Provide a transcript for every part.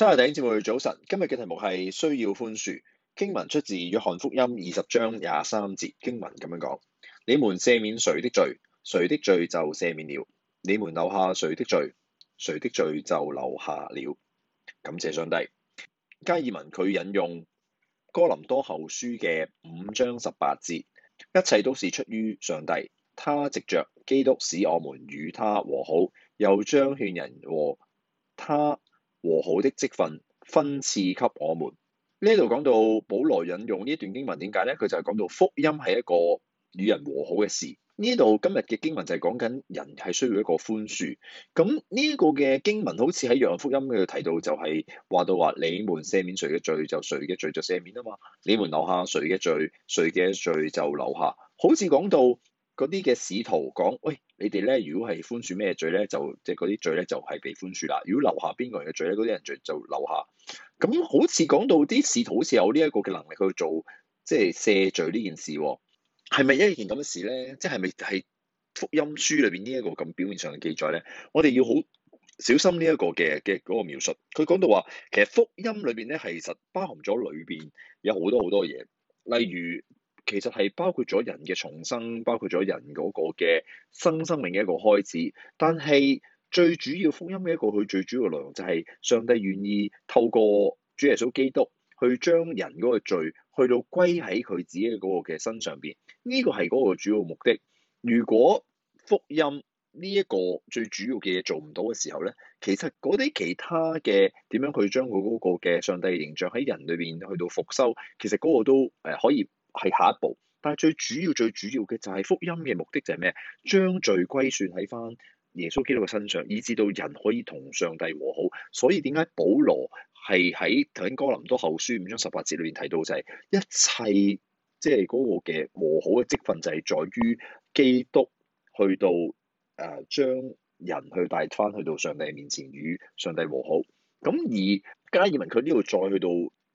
三廿頂節目，早晨。今日嘅題目係需要寬恕。經文出自約翰福音二十章廿三節，經文咁樣講：你們赦免誰的罪，誰的罪就赦免了；你們留下誰的罪，誰的罪就留下了。感謝上帝。加爾文佢引用哥林多後書嘅五章十八節，一切都是出於上帝，他藉着基督使我們與他和好，又將勸人和他。和好的職分分賜給我們。呢度講到保羅引用呢一段經文，點解咧？佢就係講到福音係一個與人和好嘅事。呢度今日嘅經文就係講緊人係需要一個寬恕。咁呢個嘅經文好似喺《約翰福音》度提到，就係話到話你們赦免誰嘅罪，就誰嘅罪就赦免啊嘛。你們留下誰嘅罪，誰嘅罪就留下。好似講到嗰啲嘅使徒講，喂。你哋咧，如果係寬恕咩罪咧，就即係嗰啲罪咧，就係、係就係、被寬恕啦。如果留下邊個人嘅罪咧，嗰啲人罪就留下。咁好似講到啲使徒好似有呢一個嘅能力去做，即係赦罪呢件事、哦，係咪一件咁嘅事咧？即係咪係福音書裏邊呢一個咁表面上嘅記載咧？我哋要好小心呢一個嘅嘅嗰個描述。佢講到話，其實福音裏邊咧其實包含咗裏邊有好多好多嘢，例如。其實係包括咗人嘅重生，包括咗人嗰個嘅新生，生命嘅一個開始。但係最主要福音嘅一個佢最主要嘅內容就係上帝願意透過主耶穌基督去將人嗰個罪去到歸喺佢自己嘅嗰個嘅身上邊。呢個係嗰個主要的目的。如果福音呢一個最主要嘅嘢做唔到嘅時候咧，其實嗰啲其他嘅點樣去將佢嗰個嘅上帝形象喺人裏邊去到復修，其實嗰個都誒可以。係下一步，但係最主要、最主要嘅就係福音嘅目的就係咩？將罪歸算喺翻耶穌基督嘅身上，以致到人可以同上帝和好。所以點解保羅係喺頭先《哥林多後書》五章十八節裏面提到就係、是、一切即係嗰個嘅和好嘅職分就係在於基督去到誒、呃、將人去帶翻去到上帝面前與上帝和好。咁而加爾文佢呢度再去到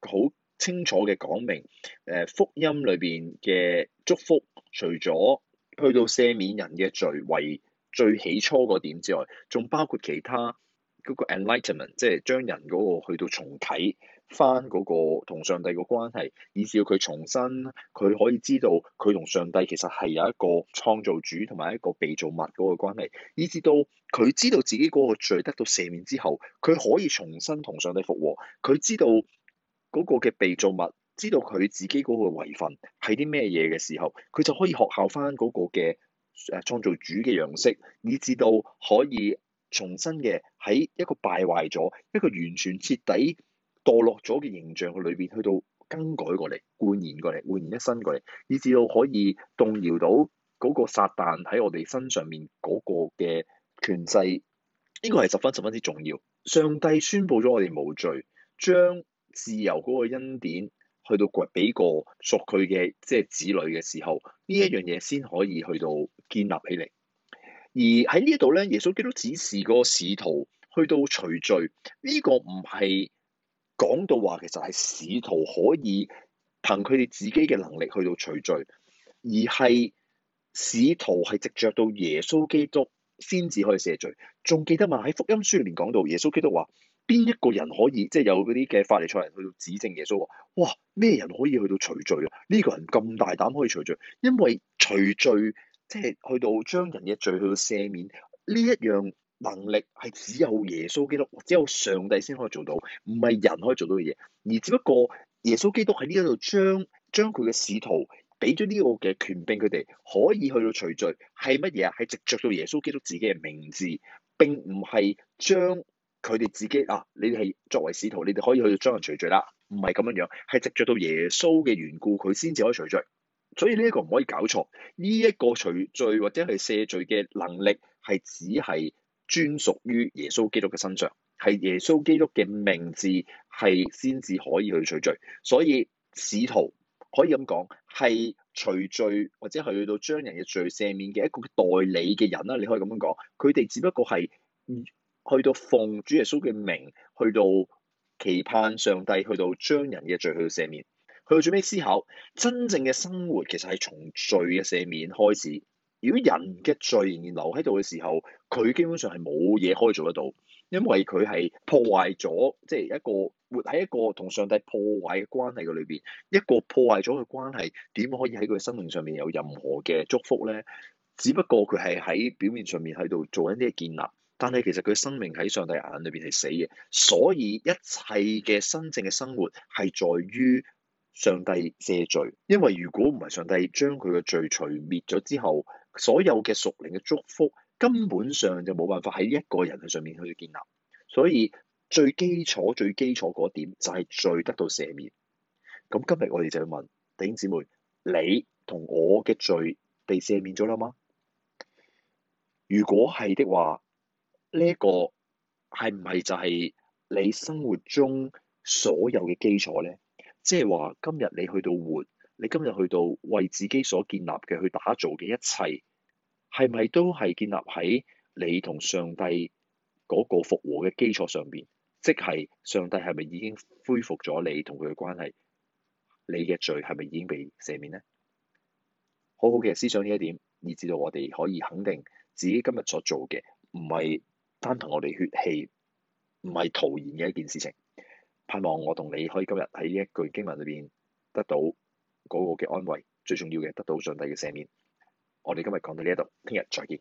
好。清楚嘅講明，誒福音裏邊嘅祝福，除咗去到赦免人嘅罪為最起初個點之外，仲包括其他嗰個 enlightenment，即係將人嗰個去到重啟翻嗰個同上帝個關係，以至要佢重生，佢可以知道佢同上帝其實係有一個創造主同埋一個被造物嗰個關係，以至到佢知道自己嗰個罪得到赦免之後，佢可以重新同上帝復和，佢知道。嗰個嘅被造物知道佢自己嗰個遺份係啲咩嘢嘅時候，佢就可以學效翻嗰個嘅誒創造主嘅樣式，以致到可以重新嘅喺一個敗壞咗、一個完全徹底墮落咗嘅形象嘅裏邊，去到更改過嚟、煥然過嚟、煥然一新過嚟，以致到可以動搖到嗰個撒旦喺我哋身上面嗰個嘅權勢，呢、這個係十分十分之重要。上帝宣佈咗我哋無罪，將自由嗰個恩典去到俾個屬佢嘅即係子女嘅時候，呢一樣嘢先可以去到建立起嚟。而喺呢度咧，耶穌基督指示個使徒去到除罪，呢、呢個唔係講到話其實係使徒可以憑佢哋自己嘅能力去到除罪，而係使徒係藉著到耶穌基督先至可以赦罪。仲記得嘛？喺福音書入面講到耶穌基督話。邊一個人可以即係有嗰啲嘅法利賽人去到指證耶穌話：哇，咩人可以去到除罪啊？呢個人咁大膽可以除罪，因為除罪即係去到將人嘅罪去到赦免，呢一樣能力係只有耶穌基督只有上帝先可以做到，唔係人可以做到嘅嘢。而只不過耶穌基督喺呢一度將將佢嘅使徒俾咗呢個嘅權柄，佢哋可以去到除罪係乜嘢啊？係直著到耶穌基督自己嘅名字，並唔係將。佢哋自己啊，你哋係作為使徒，你哋可以去將人除罪啦，唔係咁樣樣，係直著到耶穌嘅緣故，佢先至可以除罪。所以呢一個唔可以搞錯，呢一個除罪或者係赦罪嘅能力係只係專屬於耶穌基督嘅身上，係耶穌基督嘅名字係先至可以去除罪。所以使徒可以咁講，係除罪或者係去到將人嘅罪赦免嘅一個代理嘅人啦。你可以咁樣講，佢哋只不過係。去到奉主耶穌嘅名，去到期盼上帝，去到將人嘅罪去到赦免，去到最尾思考，真正嘅生活其實係從罪嘅赦免開始。如果人嘅罪仍然留喺度嘅時候，佢基本上係冇嘢可以做得到，因為佢係破壞咗，即係一個活喺一個同上帝破壞嘅關係嘅裏邊，一個破壞咗嘅關係點可以喺佢嘅生命上面有任何嘅祝福咧？只不過佢係喺表面上面喺度做緊啲嘅建立。但係其實佢生命喺上帝眼裏邊係死嘅，所以一切嘅真正嘅生活係在於上帝赦罪。因為如果唔係上帝將佢嘅罪除滅咗之後，所有嘅屬靈嘅祝福根本上就冇辦法喺一個人喺上面去建立。所以最基礎最基礎嗰點就係罪得到赦免。咁今日我哋就要問弟兄姊妹，你同我嘅罪被赦免咗啦嗎？如果係的話，呢一個係唔係就係你生活中所有嘅基礎咧？即係話今日你去到活，你今日去到為自己所建立嘅去打造嘅一切，係咪都係建立喺你同上帝嗰個復和嘅基礎上邊？即係上帝係咪已經恢復咗你同佢嘅關係？你嘅罪係咪已經被赦免咧？好好嘅思想呢一點，以至到我哋可以肯定自己今日所做嘅唔係。同我哋血氣，唔係徒然嘅一件事情。盼望我同你可以今日喺呢一句經文裏邊得到嗰個嘅安慰，最重要嘅得到上帝嘅赦免。我哋今日講到呢一度，聽日再見。